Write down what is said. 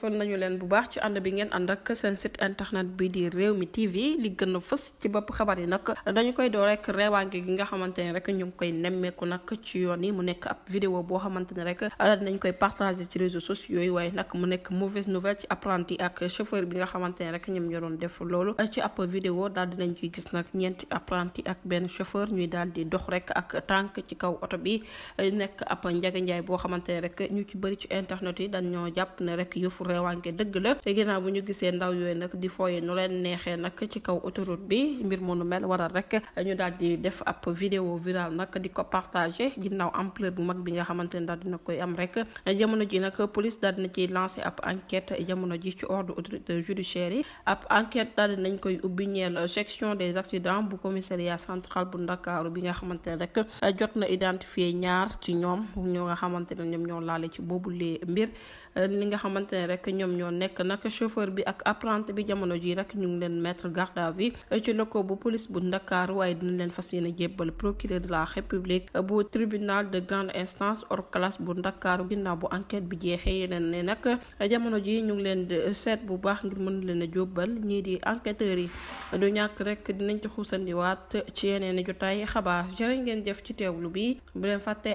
fon nañu leen bu baax ci ànd bi ngeen ànd ak seen site internet bi di réew mi TV li gën a fës ci bopp xabar yi nag dañu koy doo rek reewaange gi nga xamante ne rek ñu ngi koy nemmeeku nag ci yoon yi mu nekk ab vidéo boo xamante ne rek dinañ koy partagé ci réseaux sociaux yi waaye nag mu nekk mauvaise nouvelle ci bi nga xamante ne rek ñoom ñoo doon def loolu ci ab vidéo daal dinañ ciy gis nag ñeenti apprenti ak benn chauffeur ñuy daal di dox rek ak tànk ci kaw oto bi nekk ab njaganjaay boo xamante ne rek ñu ci bëri ci internet yi dañoo jàpp ne rek yëfu reewaange dëgg la ginnaaw bu ñu gisee ndaw yooyu nag di fooye nu di def ab vidéo viral nag di ko bu mag bi nga xamante ne daal dina koy am rek jamono ji nag police daal dina ciy lancé ab enquête jamono ji ci ordre autorité yi ab enquête daal dinañ koy section des accidents bu bu Ndakaaru bi nga xamante ne rek jot na identifier ñaar ci ñoom ñoo nga xamante ne ñoom ñoo laale ci boobu lee mbir li nga xamante ne rek rek ñoom ñoo nekk nag chauffeur bi ak apprenti bi jamono ji rek ñu ngi leen mettre garde à ci locaux bu police bu Ndakaaru waaye dina leen fas yéene jébbal procureur de la république bu tribunal de grande instance hors classe bu Ndakaaru ginnaaw bu enquête bi jeexee yeneen ne nag jamono ji ñu ngi leen seet bu baax ngir mën leen a jóbbal ñii di enquêteurs yi du ñàkk rek dinañ ci xuusandiwaat ci yeneen i jotaay xabaar jërë ngeen jëf ci teewlu bi bu leen fàttee